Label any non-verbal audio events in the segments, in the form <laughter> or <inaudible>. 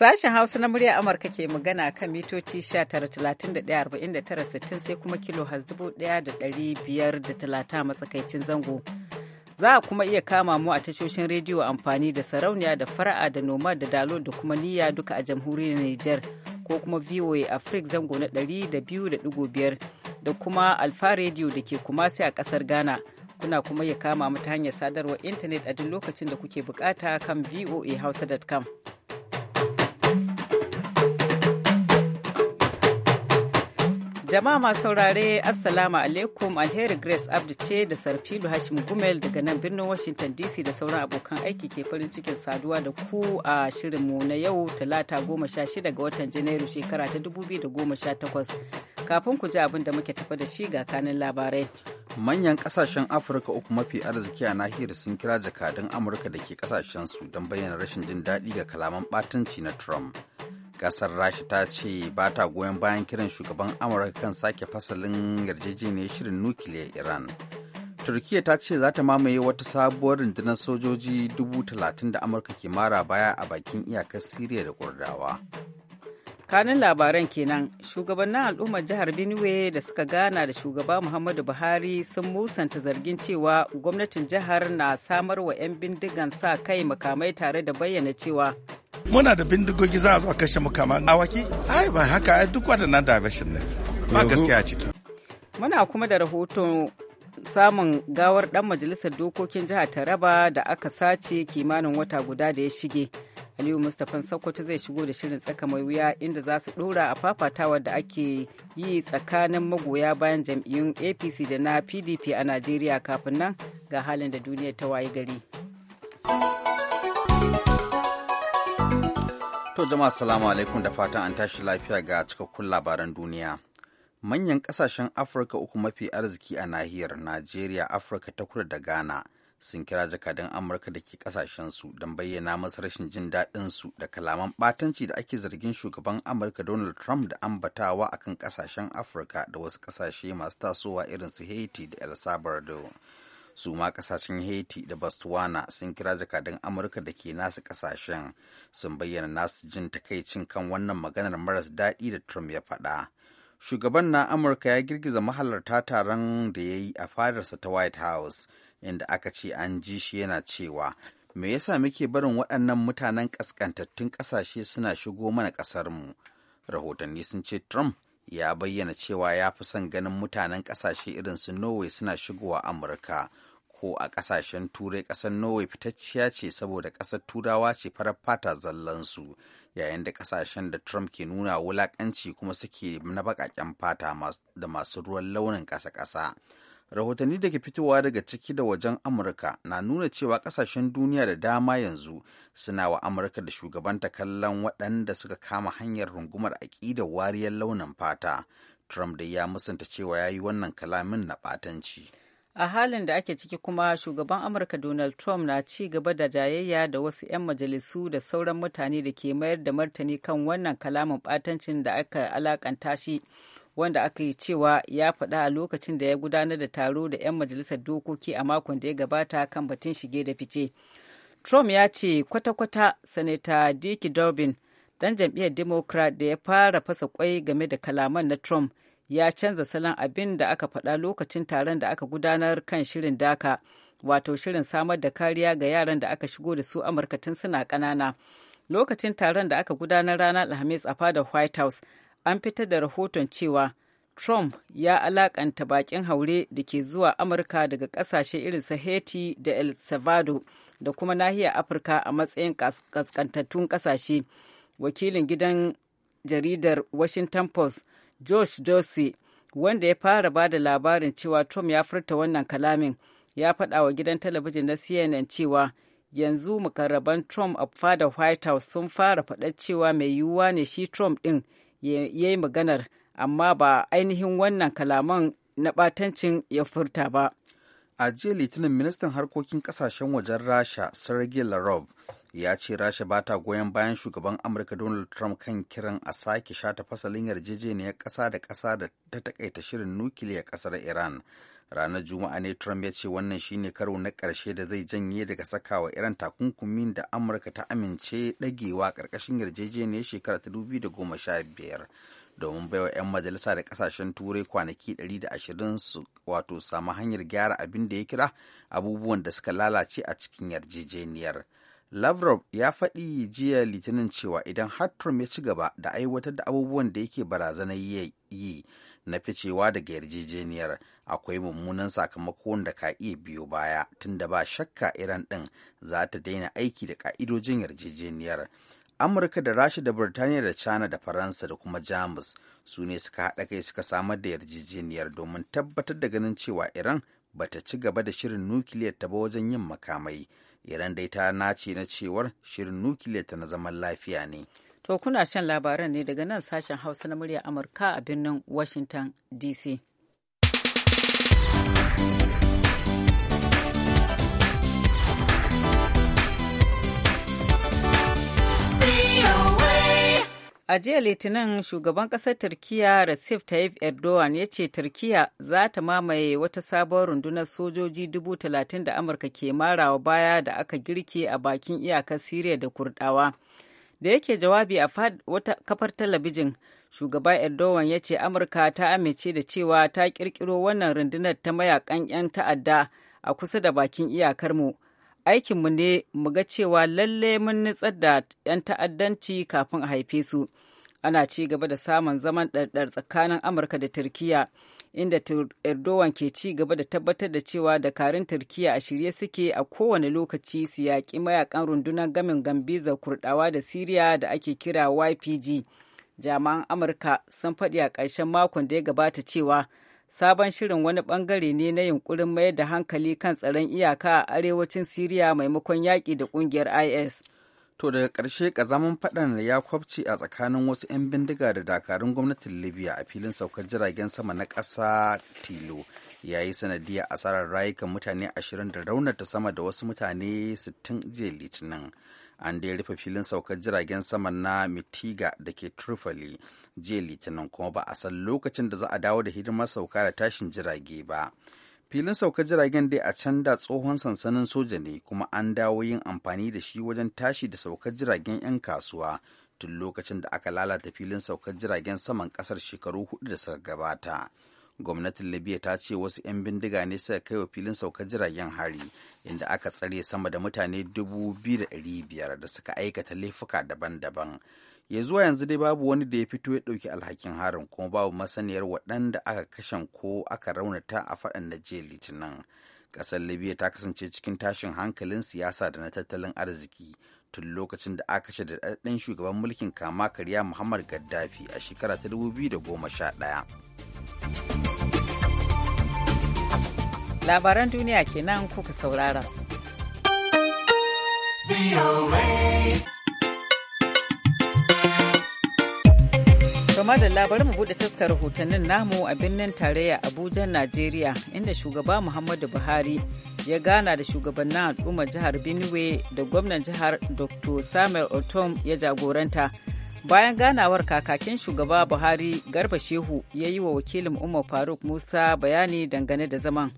Sashen Hausa na murya Amurka ke magana kan mitoci sittin sai kuma kilo da talata matsakaicin zango. Za a kuma iya kama mu a tashoshin rediyo amfani da sarauniya da fara'a da noma da dalo da kuma niyya duka a jamhuriyar Nijar ko kuma VOA Africa zango na 200.5 da kuma Alfa Radio da ke kuma sai a kasar Ghana. Kuna kuma iya kama mu ta hanyar sadarwar intanet a duk lokacin da kuke bukata kan voahausa.com. Jama'a masu saurare Assalamu alaikum Alheri Grace Abdu ce da Sarfilu Hashim Gumel daga nan birnin Washington DC da sauran abokan aiki ke farin cikin saduwa da ku a shirinmu na yau talata goma sha shida ga watan Janairu shekara ta dubu biyu da goma sha takwas. Kafin ku ji abin da muke tafa da shi ga kanin labarai. Manyan kasashen Afirka uku mafi arziki a nahiyar sun kira jakadun Amurka da ke kasashen su don bayyana rashin jin daɗi ga kalaman ɓatanci na Trump. kasar rasha ta ce ba ta goyon bayan kiran shugaban amurka kan sake fasalin yarjejeniyar shirin nukiliyar iran turkiya ta ce za ta mamaye wata sabuwar rundunar sojoji 30,000 da amurka ke mara baya a bakin iyakar siriya da kurdawa kanin labaran kenan shugabannin al'ummar jihar benue da suka gana da shugaba muhammadu buhari sun musanta zargin cewa gwamnatin jihar na samar wa 'yan bindigan sa kai makamai tare da bayyana cewa muna da bindigogi za a zo a kashe makaman awaki ai ba haka duk waɗannan diversion ne ba gaskiya ciki muna kuma da rahoton samun gawar dan majalisar dokokin jihar Taraba da aka sace kimanin wata guda da ya shige. Aliyu Mustapha Sokoto zai shigo da shirin tsaka mai wuya inda za su ɗora a fafatawa da ake yi tsakanin magoya bayan jam'iyyun APC da na PDP a Najeriya kafin nan ga halin da duniya ta wayi gari. To jama'a salamu alaikum da fatan an tashi lafiya ga cikakkun labaran duniya. manyan kasashen afirka uku mafi arziki a nahiyar najeriya afirka ta kudu da ghana sun kira jakadan amurka da ke su don bayyana masu rashin jin daɗin su da kalaman ɓatanci da ake zargin shugaban amurka donald trump da ambatawa akan kasashen afirka da wasu kasashe masu tasowa irin su haiti da el salvador su ma kasashen haiti da botswana sun kira jakadan amurka da ke nasu kasashen sun bayyana nasu jin takaicin kan wannan maganar maras daɗi da trump ya faɗa shugaban na amurka ya girgiza mahalarta taron da ya yi a fadarsa ta white house inda aka ce an ji shi yana cewa me yasa muke barin waɗannan mutanen ƙasƙantattun ƙasashe suna shigo mana ƙasarmu rahotanni sun ce trump ya bayyana cewa ya fi son ganin mutanen ƙasashe irin su norway suna shigowa amurka ko a ƙasashen turai ƙasar norway fitacciya ce saboda ƙasar turawa ce farar fata zallansu su yayin da kasashen da Trump ke nuna wulakanci kuma suke na baƙaƙen fata da masu ruwan launin ƙasa-ƙasa. Rahotanni da ke fitowa daga ciki da wajen Amurka na nuna cewa kasashen duniya da dama yanzu suna wa Amurka da shugabanta kallon waɗanda suka kama hanyar rungumar aƙidar wariyar launin fata. Trump da ya musanta cewa ya yi wannan kalamin na ɓatanci. a halin da ake ciki kuma shugaban amurka donald trump na ci gaba da jayayya da wasu 'yan majalisu da sauran mutane da ke mayar da martani kan wannan kalamin batancin da aka alakanta shi wanda aka yi cewa ya faɗa a lokacin da ya gudanar da taro da 'yan majalisar dokoki a makon da ya gabata kan batun shige da fice trump ya ce kwata-kwata sanata dick durbin ɗan jam'iyyar democrat da ya fara fasa kwai game da kalaman na trump ya canza salon abin da aka faɗa lokacin taron da aka gudanar kan shirin daka wato shirin samar da kariya ga yaran da aka shigo da su amurka tun suna ƙanana lokacin taron da aka gudanar ranar alhamis a fadar white house an fitar da rahoton cewa trump ya alakanta bakin haure da ke zuwa amurka daga ƙasashe irin su haiti da el salvador da kuma nahiyar afirka a matsayin kaskantattun ƙasashe wakilin gidan jaridar washington post Josh Dorsey wanda ya fara ba da labarin cewa Trump ya furta wannan kalamin ya faɗa wa gidan talabijin na CNN cewa yanzu mukarraban Trump a fada White House sun fara faɗar cewa mai yiwuwa ne shi Trump ɗin ya yi maganar amma ba ainihin wannan kalaman na ɓatancin ya furta ba. A jiya Litinin Ministan Harkokin Ƙasashen wajen Rasha Sergei Lavrov ya ce rasha ba ta goyon bayan shugaban amurka donald trump kan kiran a sake shata fasalin yarjejeniyar ƙasa da kasa da ta takaita shirin nukiliya ƙasar iran ranar juma'a ne trump ya ce wannan shine karo na ƙarshe da zai janye daga sakawa iran takunkumin da amurka ta amince dagewa ƙarƙashin yarjejeniyar shekara ta da goma sha biyar domin baiwa 'yan majalisa da kasashen turai kwanaki 120 su wato samu hanyar gyara abin da ya kira abubuwan da suka lalace a cikin yarjejeniyar. Lavrov ya faɗi jiya litinin cewa idan har ya ci gaba da aiwatar da abubuwan da yake barazanar yi na ficewa daga yarjejeniyar akwai mummunan sakamakon da ka iya biyo baya tunda ba shakka Iran ɗin za ta daina aiki da ka'idojin yarjejeniyar. Amurka da Rasha da Birtaniya da China da Faransa da kuma Jamus su ne suka haɗa kai suka samar da yarjejeniyar domin tabbatar da ganin cewa Iran ba ta ci gaba da shirin nukiliyar ta ba wajen yin makamai iran dai ta nace na cewar shirin nukiliyar ta na zaman lafiya ne to kuna shan labaran ne daga nan sashen hausa na murya amurka a birnin washington dc A jiya Litinin shugaban ƙasar Turkiyya Recep Tayyip Erdogan ya ce Turkiyya za ta mamaye wata sabon rundunar sojoji dubu talatin da Amurka ke marawa baya da aka girke a bakin iyakar Siriya da Kurdawa. Da yake jawabi a wata kafar talabijin, shugaba Erdogan ya ce Amurka ta amince da cewa ta ƙirƙiro wannan rundunar ta mayakan 'yan ta'adda a kusa da bakin iyakarmu. mu. aikinmu ne mu ga cewa lalle mun nutsar da 'yan ta'addanci kafin a haife su ana ci gaba da samun zaman ɗarɗar tsakanin amurka da turkiya inda erdogan ke ci gaba da tabbatar da cewa dakarun turkiya a shirye suke a kowane lokaci su yaƙi mayakan rundunar gamin gambiza kurdawa da siriya da ake kira ypg jami'an amurka sun faɗi a ƙarshen makon da ya gabata cewa sabon shirin wani bangare ne na yunkurin mayar da hankali kan tsaron iyaka a arewacin siriya maimakon yaƙi da ƙungiyar is to daga ƙarshe ƙazamin faɗan ya kwabci a tsakanin wasu 'yan bindiga da dakarun gwamnatin libya a filin saukar jiragen sama na ƙasa tilo ya yi sanadiyar asarar rayukan mutane ashirin da raunata sama da wasu mutane 60 jiya litinin an da ya rufe filin saukar jiragen sama na mitiga da ke tripoli jiya litinin kuma ba a san lokacin da za a dawo da hidimar sauka da tashin jirage ba filin sauka jiragen dai a can da tsohon sansanin soja ne kuma an dawo yin amfani da shi wajen tashi da saukar jiragen 'yan kasuwa tun lokacin da aka lalata filin saukar jiragen saman kasar shekaru hudu da suka gabata gwamnatin libya ta ce wasu 'yan bindiga ne suka kai wa filin saukar jiragen hari inda aka tsare sama da mutane 2,500 da suka aikata laifuka daban-daban ya zuwa yanzu dai babu wani da ya fito ya ɗauki alhakin harin kuma babu masaniyar waɗanda aka kashen ko aka raunata a faɗan na jiya litinin ƙasar libya ta kasance cikin tashin hankalin siyasa da na tattalin arziki tun lokacin da aka kashe daɗaɗɗen shugaban mulkin kama karya muhammad gaddafi a shekara ta dubu da goma sha ɗaya. labaran duniya kenan kuka saurara. da bari mu buɗe taskar rahotannin namu a birnin tarayya Abuja, Najeriya, inda shugaba Muhammadu Buhari ya gana da shugabannin al'ummar jihar Benue da gwamnan jihar Dr. Samuel Otom ya jagoranta. Bayan ganawar kakakin shugaba Buhari Garba Shehu ya yi wa wakilin Umar Faruk Musa bayani dangane da zaman.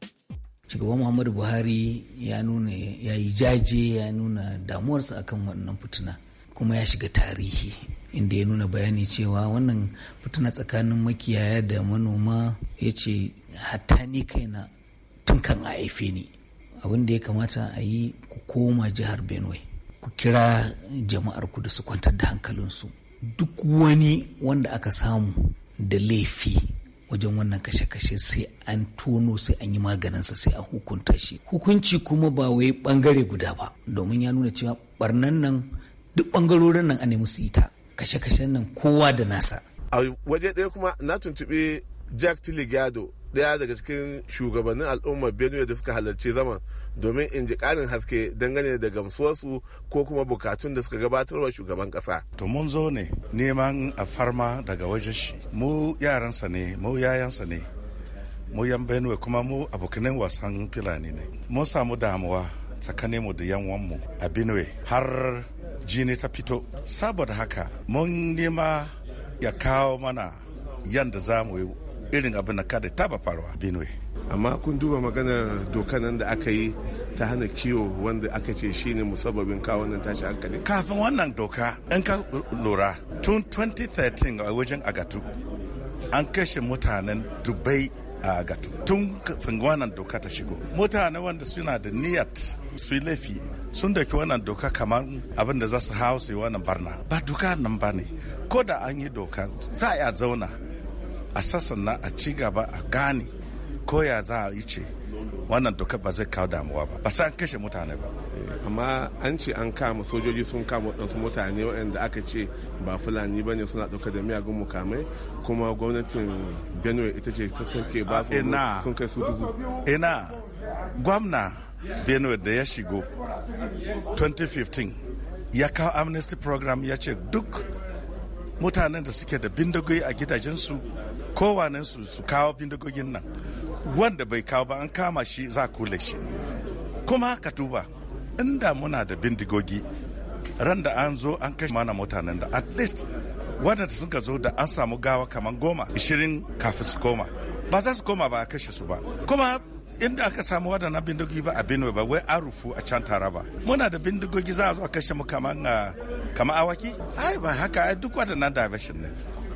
Shugaban Muhammadu Buhari ya nuna ya yi jaje ya nuna damuwarsa akan wannan fitina kuma ya shiga tarihi inda ya nuna bayani cewa wannan fitina tsakanin makiyaya da manoma ya ce hatta ni kaina tun kan a haife ni abin da ya kamata a yi ku koma jihar benue ku kira jama'ar ku da su kwantar da hankalinsu duk wani wanda aka samu da laifi wajen wannan kashe-kashe sai an tono sai an yi maganinsa sai an hukunta shi hukunci kuma ba wai bangare guda ba domin ya nuna cewa barnan nan duk bangarorin nan a nemi musu ita kashe-kashen nan kowa da nasa a waje ɗaya kuma na tuntuɓi jack tiligado ɗaya daga cikin shugabannin al'ummar benue da suka halarci zaman domin in ji ƙarin haske dangane da gamsuwarsu ko kuma bukatun da suka gabatar wa shugaban ƙasa. to mun zo ne neman a farma daga wajen shi mu yaransa ne mu yayansa ne mu yan benue kuma mu abokanin wasan filani ne mun samu damuwa tsakaninmu da yan wanmu a benue har jini ta fito saboda haka mun nema ya kawo mana yadda za mu yi irin abin da kada taba faruwa benue amma kun duba maganar doka nan da aka yi ta hana kiwo wanda aka ce shine musabbabin kawo nan tashi hankali kafin wannan doka in ka lura tun 2013 a wajen agatu an kashe mutanen dubai a agatu tun kafin wannan doka ta shigo mutane wanda suna da niyyar su laifi sun dauki wannan doka kamar abin da za su hau su yi wannan barna ba doka nan ba ne ko da an yi doka za a zauna a sassana a ci gaba a gane ko ya za a yi ce wannan doka ba zai kawo damuwa ba ba sai an kashe mutane ba eh, amma an ce an kama sojoji sun kama waɗansu mutane waɗanda aka ce ba fulani ba ne suna ɗauka da miyagun mukamai kuma gwamnatin benue ita ce ta ke ba su sun kai su dubu ina gwamna benue da ya shigo 2015 ya kawo amnesty program ya ce duk mutanen da suke da bindigogi a gidajensu kowanensu su kawo bindigogin nan wanda bai kawo ba an kama shi za kule shi kuma ka duba inda muna da bindigogi ran da an zo an kashe mana mutanen da at least waɗanda suka zo da an samu gawa kamar goma 20 kafin su koma ba za su koma ba a kashe su ba kuma inda aka samu waɗannan bindigogi ba a Benue ba wai an rufu a can ba muna da bindigogi za a zo a kashe mu kama ah, awaki ai ba haka duk waɗannan diversion ne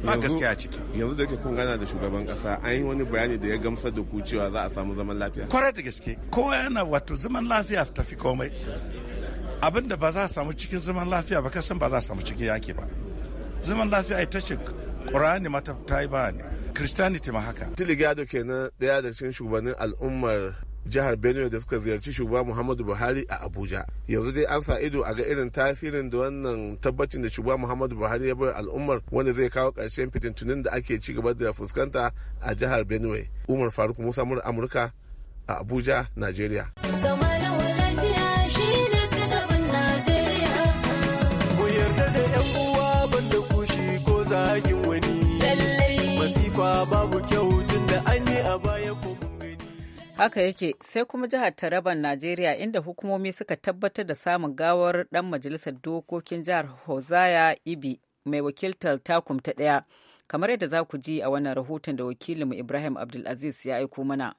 ba gaskiya ciki yanzu da ke kun gana da shugaban kasa an yi wani bayani da ya gamsar da ku cewa za a samu zaman lafiya kwarai da gaske kowa yana wato zaman lafiya tafi komai abin da ba za a samu cikin zaman lafiya ba kasan ba za a samu cikin yaki ba zaman lafiya ita ce ƙurani mata ta yi ba ne christianity ma haka tiligado kenan daya daga cikin shugabannin al'ummar jihar benue da suka ziyarci shugaba muhammadu buhari a abuja yanzu dai an sa ido a ga irin tasirin da wannan tabbacin da shugaba muhammadu buhari ya bar al'ummar wanda zai kawo ƙarshen fitintunin da ake ci gaba da fuskanta a jihar benue umar faruk musa amurka a abuja nigeria Haka yake sai kuma jihar Taraban Najeriya inda hukumomi suka tabbatar da samun gawar ɗan majalisar dokokin jihar Hozaya Ibi mai wakiltar takum ta ɗaya. Kamar yadda za ku ji a wannan rahoton da wakilinmu Ibrahim Abdulaziz ya aiko mana.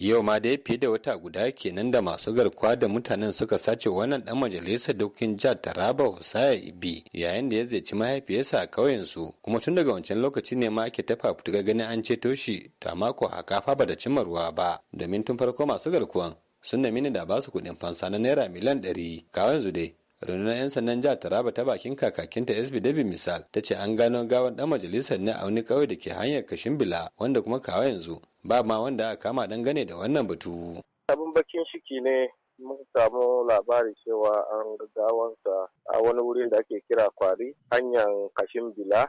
yau ma dai fiye da wata guda kenan da masu garkuwa da mutanen suka sace wannan dan majalisar dokin jihar taraba husaya ibi yayin da ya ziyarci mahaifiyarsa a kauyen su kuma tun daga wancan lokaci ne ma ake tafa fituka ganin an ceto shi ta mako a kafa ba da cimma ruwa ba domin tun farko masu garkuwan sun nemi da ba su kuɗin fansa na naira miliyan ɗari kawai yanzu dai rundunar 'yan sandan jihar taraba ta bakin kakakinta sb david misal ta ce an gano gawar dan majalisar ne a wani ƙauye da ke hanyar kashin bila wanda kuma kawo yanzu ba ma wanda aka kama dangane da wannan batu abin bakin ciki ne mun samu labari cewa an gawansa a wani wurin da ake kira kwari hanyar kashin bila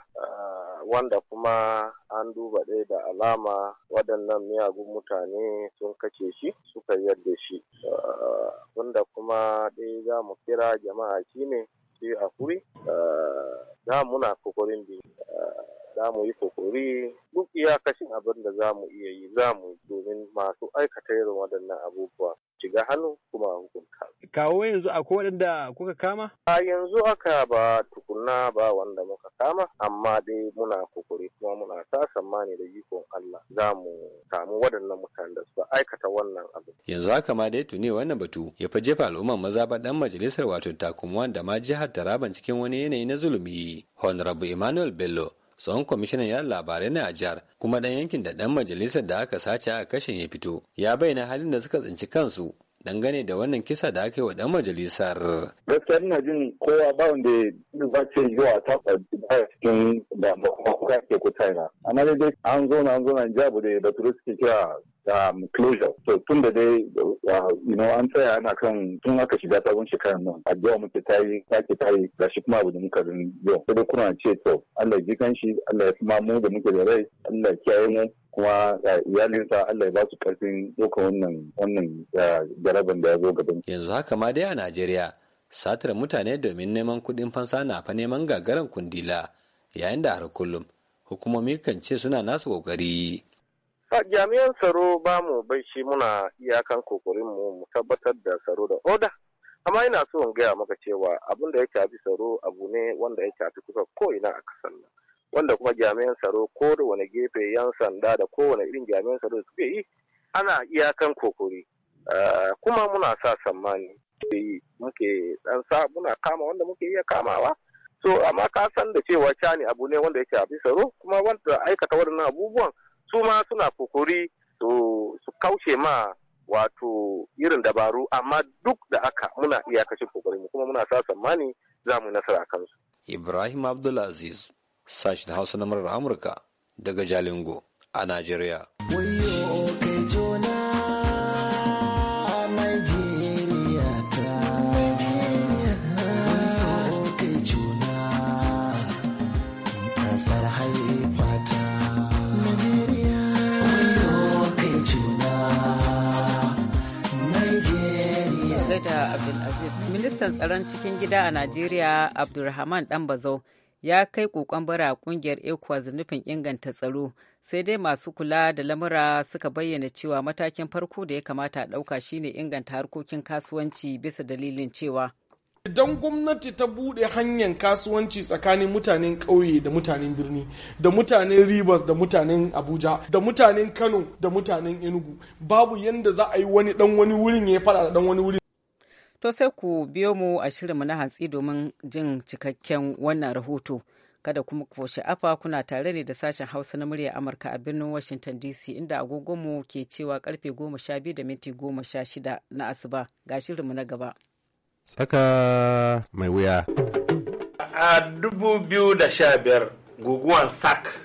wanda kuma an duba ɗaya da alama waɗannan miyagun mutane sun kace shi suka yarda shi wanda kuma ɗaya za mu kira jama'a shine shi a kuri za muna kokarin biyu za mu yi kokori duk iyakacin abin da za mu iya yi za mu domin masu aikata irin waɗannan abubuwa shiga hannu kuma hukunta. Kawo yanzu akwai waɗanda kuka kama? A yanzu aka ba tukunna ba wanda muka kama amma dai muna kokori kuma muna sa tsammani da jikon Allah za mu samu waɗannan mutanen da suka aikata wannan abu. Yanzu haka ma dai tuni wannan batu ya fi jefa al'umman maza ba ɗan majalisar wato takumwan da ma jihar Taraban cikin wani yanayi na zulumi. Honorable Emmanuel Bello tsohon kwamishinan yada labarai na a kuma dan yankin da dan majalisar da aka sace a kashin ya fito ya bayyana halin da suka tsinci kansu dangane da wannan kisa da aka yi wa dan majalisar. Gaskiya ina jin kowa ba wanda ba ce zuwa ta cikin damuwa kuka ke ku china amma dai dai an zo na an zo na jabu da turu suke kira da um, closure so tun da dai uh, you know an tsaya ana kan tun aka shiga sabon shekarar nan addu'a muke tayi take tayi shi kuma abu da muka rin yau sai dai kuna ce to Allah ji kan shi Allah ya kuma mu da muke da rai Allah kiyaye mu kuma uh, iyalinsa Allah ya ba su karfin ɗaukar wannan wannan uh, jaraban da ya zo gaban yanzu haka ma dai a Najeriya satar mutane domin neman kuɗin fansa na fa neman gagarin kundila yayin da har kullum hukumomi kan ce suna nasu kokari. jami'an tsaro ba mu shi muna iyakan kokarin mu mu tabbatar da tsaro da oda amma ina so in gaya maka cewa abin da ya shafi tsaro abu ne wanda ya shafi kusa ko ina a kasar nan wanda kuma jami'an tsaro ko da wani gefe yan sanda da kowane irin jami'an tsaro da suke yi ana iyakan kokari kuma muna sa tsammani eh, muke dan sa muna kama wanda muke iya kamawa so amma ka san da cewa cani abu ne wanda yake a saro kuma wanda aikata waɗannan abubuwan su ma suna kokori su kauce ma wato irin dabaru amma duk da aka muna iyakacin kokarin kuma muna sa tsammani za mu nasara kansu. Ibrahim Abdulaziz, sashen Hausa na murar Amurka daga Jalingo a Najeriya. ministan tsaron cikin gida a najeriya abdulrahman bazau ya kai kokon bara kungiyar ecowas nufin inganta tsaro sai dai masu kula da lamura suka bayyana cewa matakin farko da ya kamata a ɗauka shine inganta harkokin kasuwanci bisa dalilin cewa idan gwamnati ta bude hanyar kasuwanci tsakanin mutanen ƙauye da mutanen birni da mutanen rivers da mutanen abuja da mutanen kano da mutanen enugu babu yadda za a yi wani dan wani wurin ya fara da dan wani wurin To sai ku biyo mu a shirinmu na hantsi domin jin cikakken wannan rahoto. Kada kuma ku sha'afa kuna tare ne da sashen Hausa na murya Amurka a birnin Washington DC inda agogonmu ke cewa karfe goma sha biyu da minti goma sha shida na asuba ga shirinmu na gaba. Tsaka mai wuya. A dubu biyu da sha biyar guguwan sak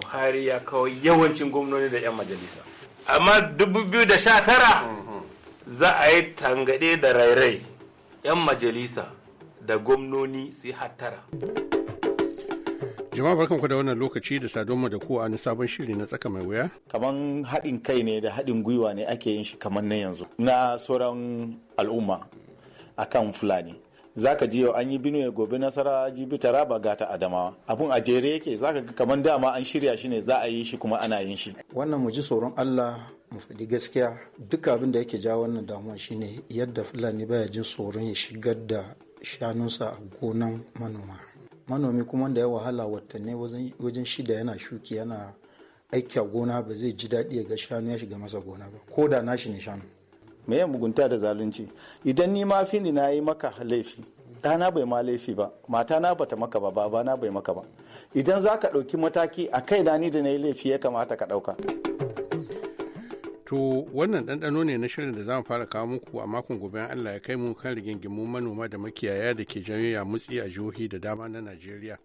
Buhari ya kawo yawancin gwamnoni da 'yan majalisa. Amma dubu biyu da sha tara za a yi tangaɗe da rairai 'yan majalisa da gwamnoni su yi hattara. jama'a barkanku da wannan lokaci da mu da ku a sabon shiri na tsaka mai wuya kaman haɗin kai ne da haɗin gwiwa ne ake yin shi kamar na yanzu na sauran al'umma akan fulani za ka ji yau an yi binuwe gobe nasara jibi taraba gata adamawa abun a jere yake za ka ga kamar dama an shirya shi ne za a yi shi kuma ana yin shi wannan mu ji tsoron allah mu gaskiya duk abin da yake ja wannan damuwa shine yadda fulani baya jin tsoron ya shigar da shanunsa a gonan manoma manomi kuma da ya wahala watanni wajen shida yana shuki yana aiki a gona ba zai ji daɗi ga shanu ya shiga masa gona ba ko da nashi ne shanu me ya mugunta da zalunci idan ni ma fini na yi maka laifi ɗana bai ma laifi ba mata na bata maka ba baba na bai maka ba idan za ka ɗauki mataki a kai da ni da na yi laifi ya kamata ka ɗauka To wannan ɗanɗano ne na shirin da za mu fara kawo muku a makon gobe Allah ya kai mu kan rigingimu manoma da makiyaya da ke janyo mutsi a jihohi da dama na Najeriya.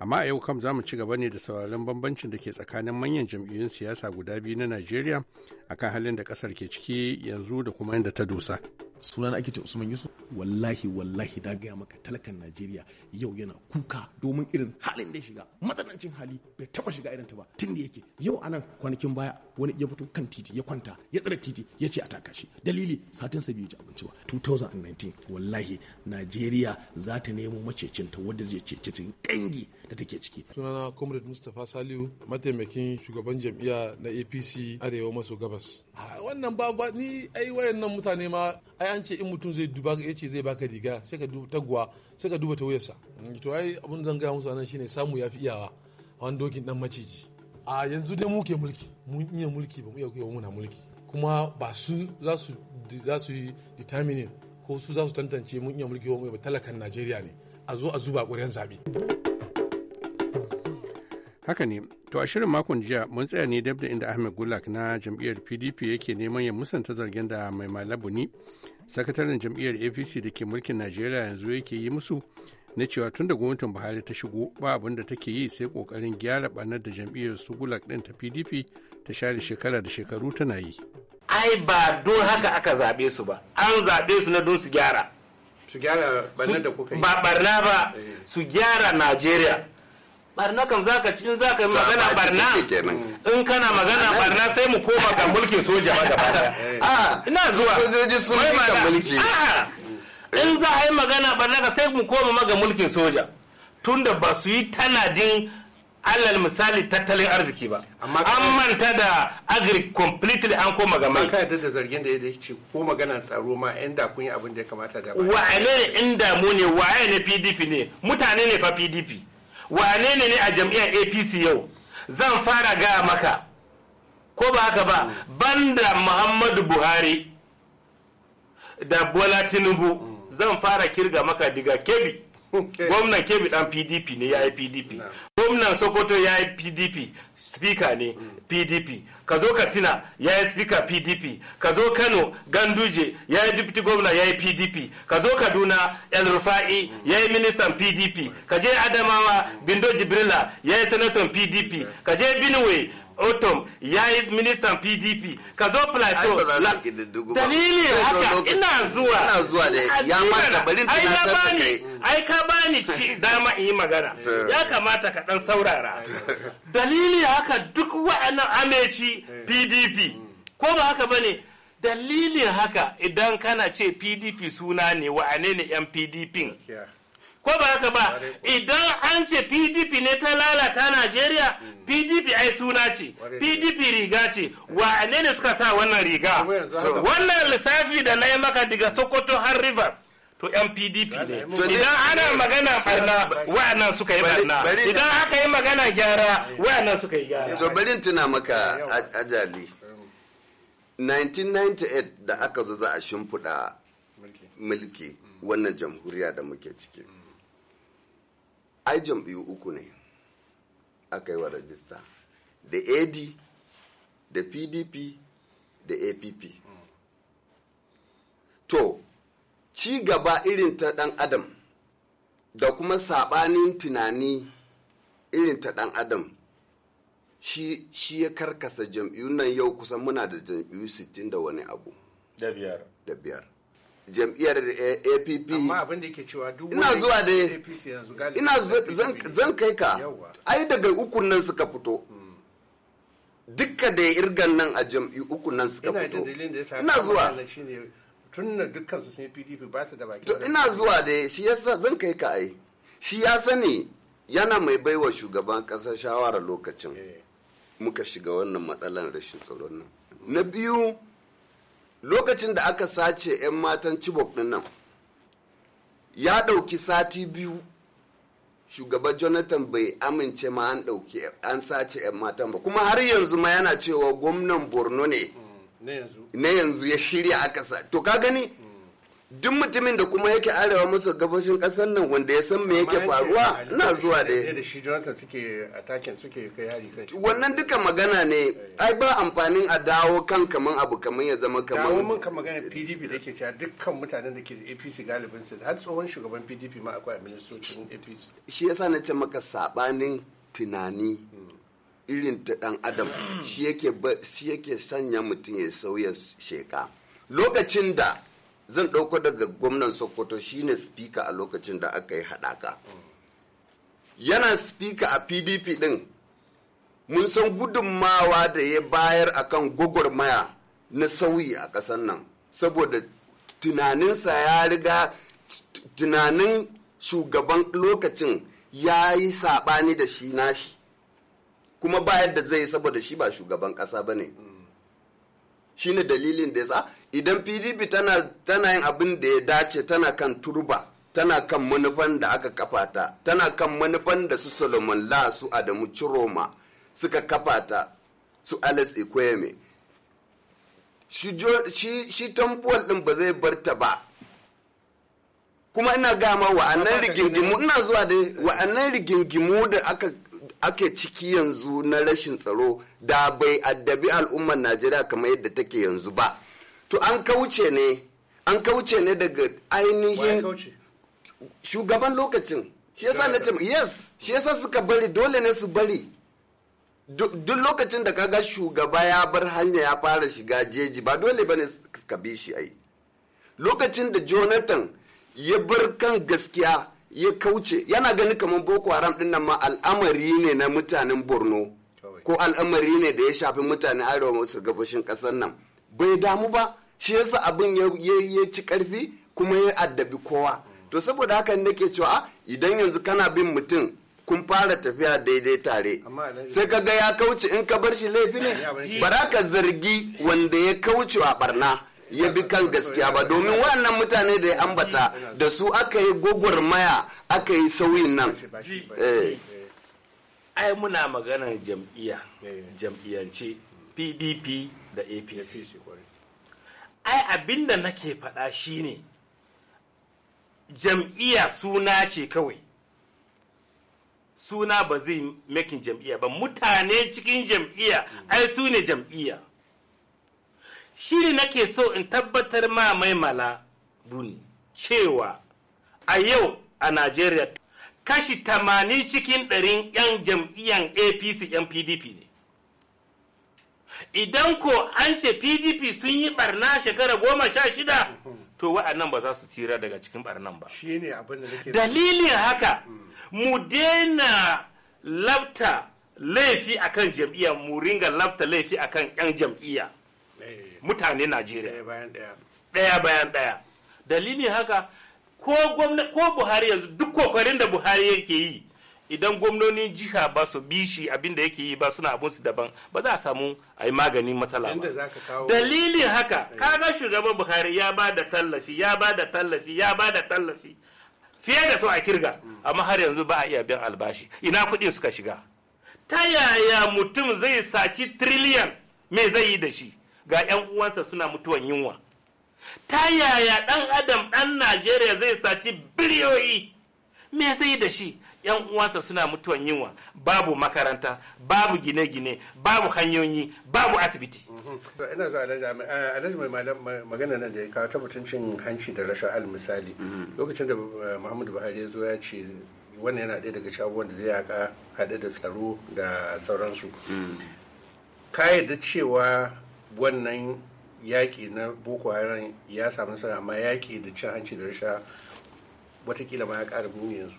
Amma a yau kam zamu ci gaba ne da sauraron bambancin da ke tsakanin manyan jam'iyyun siyasa guda biyu na Najeriya akan halin da ƙasar ke ciki yanzu da kuma yadda ta dosa. suna ake ce usman yusuf wallahi wallahi na gaya maka talakan najeriya yau yana kuka domin irin halin da ya shiga matsanancin hali bai taba shiga irin ta ba tun da yake yau anan kwanakin baya wani ya fito kan titi ya kwanta ya tsira titi ya ce a taka shi dalili satin sa biyu ci abinci ba 2019 wallahi najeriya za ta nemo ta wadda zai cece kangi da take ciki sunana comrade mustapha saliu mataimakin shugaban jam'iyya na apc arewa maso gabas ah, wannan ba ni ai wayannan mutane ma ai an ce in mutum zai duba ya ce zai baka riga sai ka duba taguwa sai ka duba ta wuyarsa to ai abun zan gaya musu anan shine samu ya fi iyawa wani dokin dan maciji a yanzu dai mu ke mulki mun iya mulki ba mu iya mu muna mulki kuma ba su za su za su yi determining ko su za su tantance mun iya mulki ko ba talakan Najeriya ne a zo a zuba ƙuren zabe haka ne To a shirin makon jiya mun tsaya ne dab da inda Ahmed Gulak na jam'iyyar PDP yake neman ya musanta zargin da mai malabuni sakataren jam'iyyar APC da ke mulkin Najeriya yanzu yake yi musu na cewa tun da gwamnatin Buhari ta shigo ba abin da take yi sai kokarin gyara banar da jam'iyyar su Gulak din ta PDP ta share shekara da shekaru tana yi. Ai ba don haka aka zabe su ba, an zabe su na don su gyara. Su gyara barnar da kuka yi. Ba barna ba, eh. su gyara Najeriya. barna za zaka cin zaka magana barna in kana magana barna sai mu koma ga mulkin soja ba gaba a eh. ah, ina zuwa sojoji sun yi ga mulki ah, in za a yi magana barna ka sai mu koma maga mulkin soja tunda ba su yi tanadin alal misali tattalin arziki ba an manta da agri completely an koma ga mai ka yadda da zargin da ya ce ko magana tsaro ma inda da kun yi abin da ya kamata da ba wa ne inda damu ne waye ne pdp ne mutane ne fa pdp wane ne a jam'iyyar apc yau zan fara gaya maka ko ba haka ba banda muhammadu buhari da bola tinubu zan fara kirga maka diga kebi <laughs> gwamnan kebi dan pdp ne ya yi pdp gwamnan sokoto ya yi pdp spika ne pdp ka zo katsina ya yi spika pdp ka zo kano ganduje ya yi deputy governor ya yi pdp ka zo kaduna el rufa'i ya yi ministan pdp ka je adamawa bindo jibrila ya yi senator pdp ka je binuwe otom ya yi ministan pdp ka zo plateau dalili haka ina zuwa ina zuwa ne ya mata bari tunatar kai ai ka bani ci dama in yi magana <laughs> eh. ya kamata ka dan saurara <laughs> dalili haka duk wa'annan ameci pdp eh. mm. ko ba haka bane dalilin haka idan kana ce pdp suna ne wa'ane ne yan pdp ko ba haka ba idan an ce pdp ne ta lalata najeriya pdp mm. ai suna ce pdp riga ce wa ne suka sa wannan riga wannan lissafi da na yi maka daga sokoto har rivers to yan pdp ne idan ana magana barna wa'annan suka yi barna idan aka yi magana gyara wa'annan suka yi gyara to bari tuna maka ajali 1998 da aka zo za a shimfiɗa mulki wannan jamhuriya da muke ciki ai jam'iyyu uku ne aka yi wa rajista da ad da pdp da app to ci gaba irin ta dan adam da kuma sabanin tunani irin ta dan adam shi, ya karkasa jam'iyyun nan yau kusan muna da jam'iyyu 60 da wani abu da biyar jam'iyyar app amma abin da yake cewa duk ina zuwa da ina zan kai ka ai daga ukun nan suka fito hmm. dukka da irgan nan a jam'i ukun nan suka fito ina zuwa tun na dukkan su sun yi pdp ba su da baki ina zuwa da shi yasa zan kai ka ai shi ya sani yana mai baiwa shugaban kasa shawara lokacin eh. muka shiga wannan matsalan rashin tsaron nan na biyu lokacin da aka sace 'yan matan cibok din nan ya ɗauki sati biyu shugaban jonathan bai amince ma an ɗauki an sace 'yan matan ba kuma har yanzu ma yana cewa gwamnan borno ne mm, na yanzu ya shirya aka sa to ka gani duk mutumin da kuma yake arewa musu gabashin kasar nan wanda ya san me yake faruwa na zuwa da shi jonathan suke suke kai kai wannan duka magana ne ai ba amfanin a dawo kan kaman abu kaman ya zama kaman dawo mun kan magana PDP da yake cewa dukkan mutanen da ke da APC galibin su har tsohon shugaban PDP ma akwai ministocin APC shi yasa na ce maka sabanin tunani irin ta dan adam shi yake shi yake sanya mutum ya sauya sheka lokacin da zan ɗauko daga gwamnan sokoto shine speaker a lokacin da aka yi haɗaka yana speaker a pdp ɗin mun san gudunmawa da ya bayar a kan gwagwarmaya na sauyi a ƙasar nan saboda tunaninsa ya riga tunanin shugaban lokacin ya yi saɓani da shi nashi kuma bayar da zai saboda shi ba shugaban ƙasa ba ne shi ne dalilin da ya sa idan pdp tana, yin abin da ya dace tana kan turba tana kan manufan da aka kafa ta tana kan manufan da su solomon la su adamu ciroma suka kafa ta su alice ikweme shi, shi din ba zai bar ta ba kuma ina gama wa'annan rigingimu ina zuwa da wa'annan rigingimu da aka ake ciki yanzu na rashin tsaro da bai addabi al'ummar najeriya kamar yadda take yanzu ba to an kauce ne an kauce ne daga ainihin shugaban lokacin shi yasa na ce yes shi yasa suka bari dole ne su bari duk lokacin da kaga shugaba ya bar hanya ya fara shiga jeji ba dole bane ka bi shi ai lokacin da jonathan ya bar kan gaskiya ya kauce yana gani kamar boko haram din nan ma al'amari ne na mutanen borno ko al'amari ne da ya shafi mutanen arewa masu gabashin kasar nan bai damu ba shi yasa abin ya ci karfi kuma ya addabi kowa to saboda haka nake cewa ah, idan yanzu kana bin mutum kun fara tafiya daidai tare sai ka ga ya kauce in ka bar shi laifi ne ba ka zargi wanda ya kauce a barna ya bi kan gaskiya ba domin waɗannan mutane da ya ambata da su aka yi gwagwarmaya aka yi sauyin nan eh. ai muna maganar jam'iyya eh. jam'iyyance pdp da apc ai abinda nake faɗa shine jam'iyya suna ce kawai suna ba zai makin jam'iyya ba mutane cikin jam'iyya mm. ai su ne jam'iyya shi ne nake so in tabbatar ma maimala buni cewa a yau a najeriya kashi tamanin cikin ɗarin 'yan jam'iyyan apc 'yan pdp ne idan ko an ce pdp sun yi barna shekara goma sha shida to wa'annan ba za su tsira daga cikin barnan ba dalilin haka hmm. mu daina lafta laifi akan jam'iyya mu ringa lafta laifi akan yan jam'iyya eh. mutane najeriya daya bayan daya dalilin haka ko buhari yanzu duk kokarin da buhari yake yi idan gwamnonin jiha ba su bi shi abinda yake yi ba suna abun su daban ba za a samu a yi maganin matsala ba dalilin haka eh. kaga shugaban buhari ya ba da tallafi ya ba da tallafi ya ba da tallafi fiye da so a kirga amma har yanzu ba a iya biyan albashi ina kuɗi suka shiga ta yaya mutum zai saci triliyan me zai yi da shi ga 'yan uwansa suna mutuwan yunwa ta yaya ɗan adam ɗan najeriya zai saci biliyoyi me zai yi da shi yan uwansa suna mutuwan yunwa babu makaranta babu gine-gine babu hanyoyi babu asibiti ina zuwa alhaji eh, mai magana nan da ya kawo tabbatancin hanci da rashin al misali lokacin da eh, muhammadu buhari ya zo ya ce wannan yana ɗaya daga cikin da zai yaka haɗe da tsaro da sauransu ka yadda cewa wannan yaƙi na boko haram ya samu nasara amma yaƙi da cin hanci da rasha watakila ma ya ƙara muni yanzu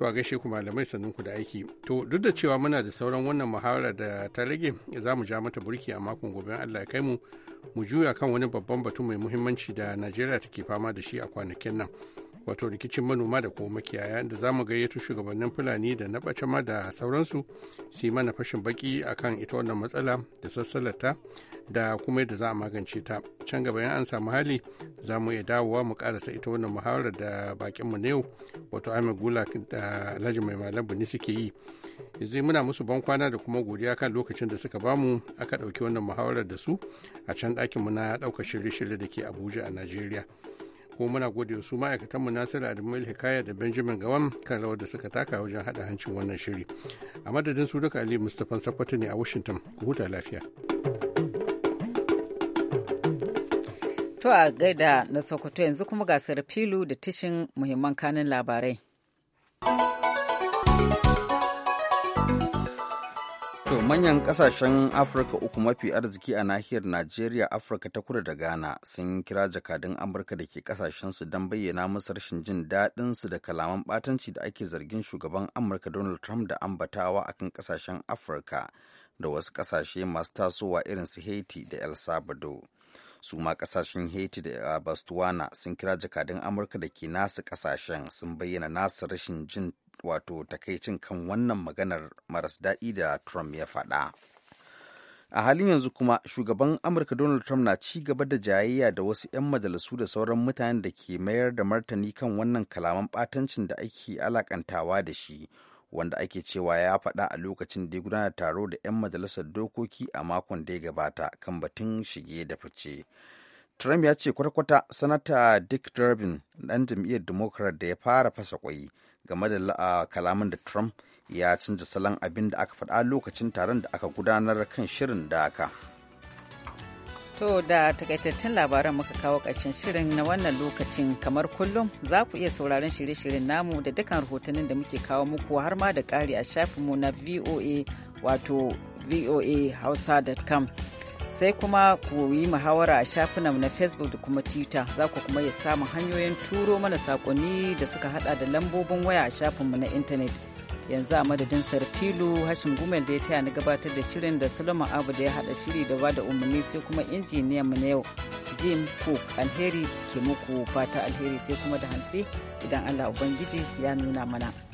To a gaishe ku malamai sannan ku da aiki. To duk da cewa muna da sauran wannan muhawara da ta rage za mu ja mata burki a makon gobe Allah ya kai mu mu juya kan wani babban batu mai muhimmanci da Najeriya take fama da shi a kwanakin nan. Wato rikicin manoma da kuma makiyaya da za mu gayyato shugabannin Fulani da na ma da sauransu su yi mana fashin baki akan ita wannan matsala da sassalarta da kuma yadda za a magance ta can gaba yan an samu hali za mu iya dawowa mu karasa ita wannan muhawarar da bakin na yau wato ahmed gula da alhaji mai malam buni suke yi yanzu muna musu ban kwana da kuma godiya kan lokacin da suka bamu aka ɗauki wannan muhawarar da su a can mu na ɗaukar shirye-shirye da ke abuja a nigeria ko muna gode su ma'aikatanmu nasiru adamuel hikaya da benjamin gawan kan rawar da suka taka wajen haɗa hancin wannan shiri a madadin su duka ali mustapha sakwato ne a washington ku huta lafiya. To a gaida na Sokoto yanzu kuma gasar filu da tishin muhimman kanin labarai. To manyan kasashen Afirka uku mafi arziki a nahiyar Najeriya, Afirka ta kudu da Ghana sun kira jakadun Amurka da ke kasashensu don bayyana musu rashin jin daɗinsu da kalaman ɓatanci da ake zargin shugaban Amurka Donald Trump da ambatawa akan kasashen Afirka da wasu kasashe masu tasowa irin su Haiti da El Salvador. su ma kasashen haiti da botswana sun kira jakadun amurka da ke nasu kasashen sun bayyana nasu rashin jin wato takaicin kan wannan maganar maras daɗi da trump ya faɗa a halin yanzu kuma shugaban amurka donald trump na ci gaba da jayayya da wasu 'yan majalisu da sauran mutanen da ke mayar da martani kan wannan kalaman batancin da ake alakantawa da shi wanda ake cewa ya faɗa a lokacin da ya gudanar taro da 'yan majalisar dokoki a makon da ya gabata kan batun shige da fice. Trump ya ce kwata-kwata sanata Dick Durbin ɗan jam'iyyar Democrat da ya fara fasa kwai game da ah, kalaman da Trump ya canza salon abin da aka faɗa lokacin taron da aka gudanar kan shirin da aka. To da takaitattun labaran muka kawo ƙarshen shirin na wannan lokacin kamar kullum za ku iya sauraron shirye-shiryen namu da dukkan rahotannin da muke kawo muku har ma da ƙari a shafinmu na VOA wato voahausa.com. Sai kuma ku yi muhawara a shafinmu na Facebook da kuma Twitter za ku kuma iya samun hanyoyin turo mana saƙonni da suka haɗa da lambobin waya a shafinmu na intanet. yanzu a madadin sarfilu hashin gumel da ya taya na gabatar da shirin da salama abu da ya hada shiri da bada umarni sai kuma injiniyan mu na yau jim cook alheri ke muku fata alheri sai kuma da hantsi idan allah ubangiji ya nuna mana.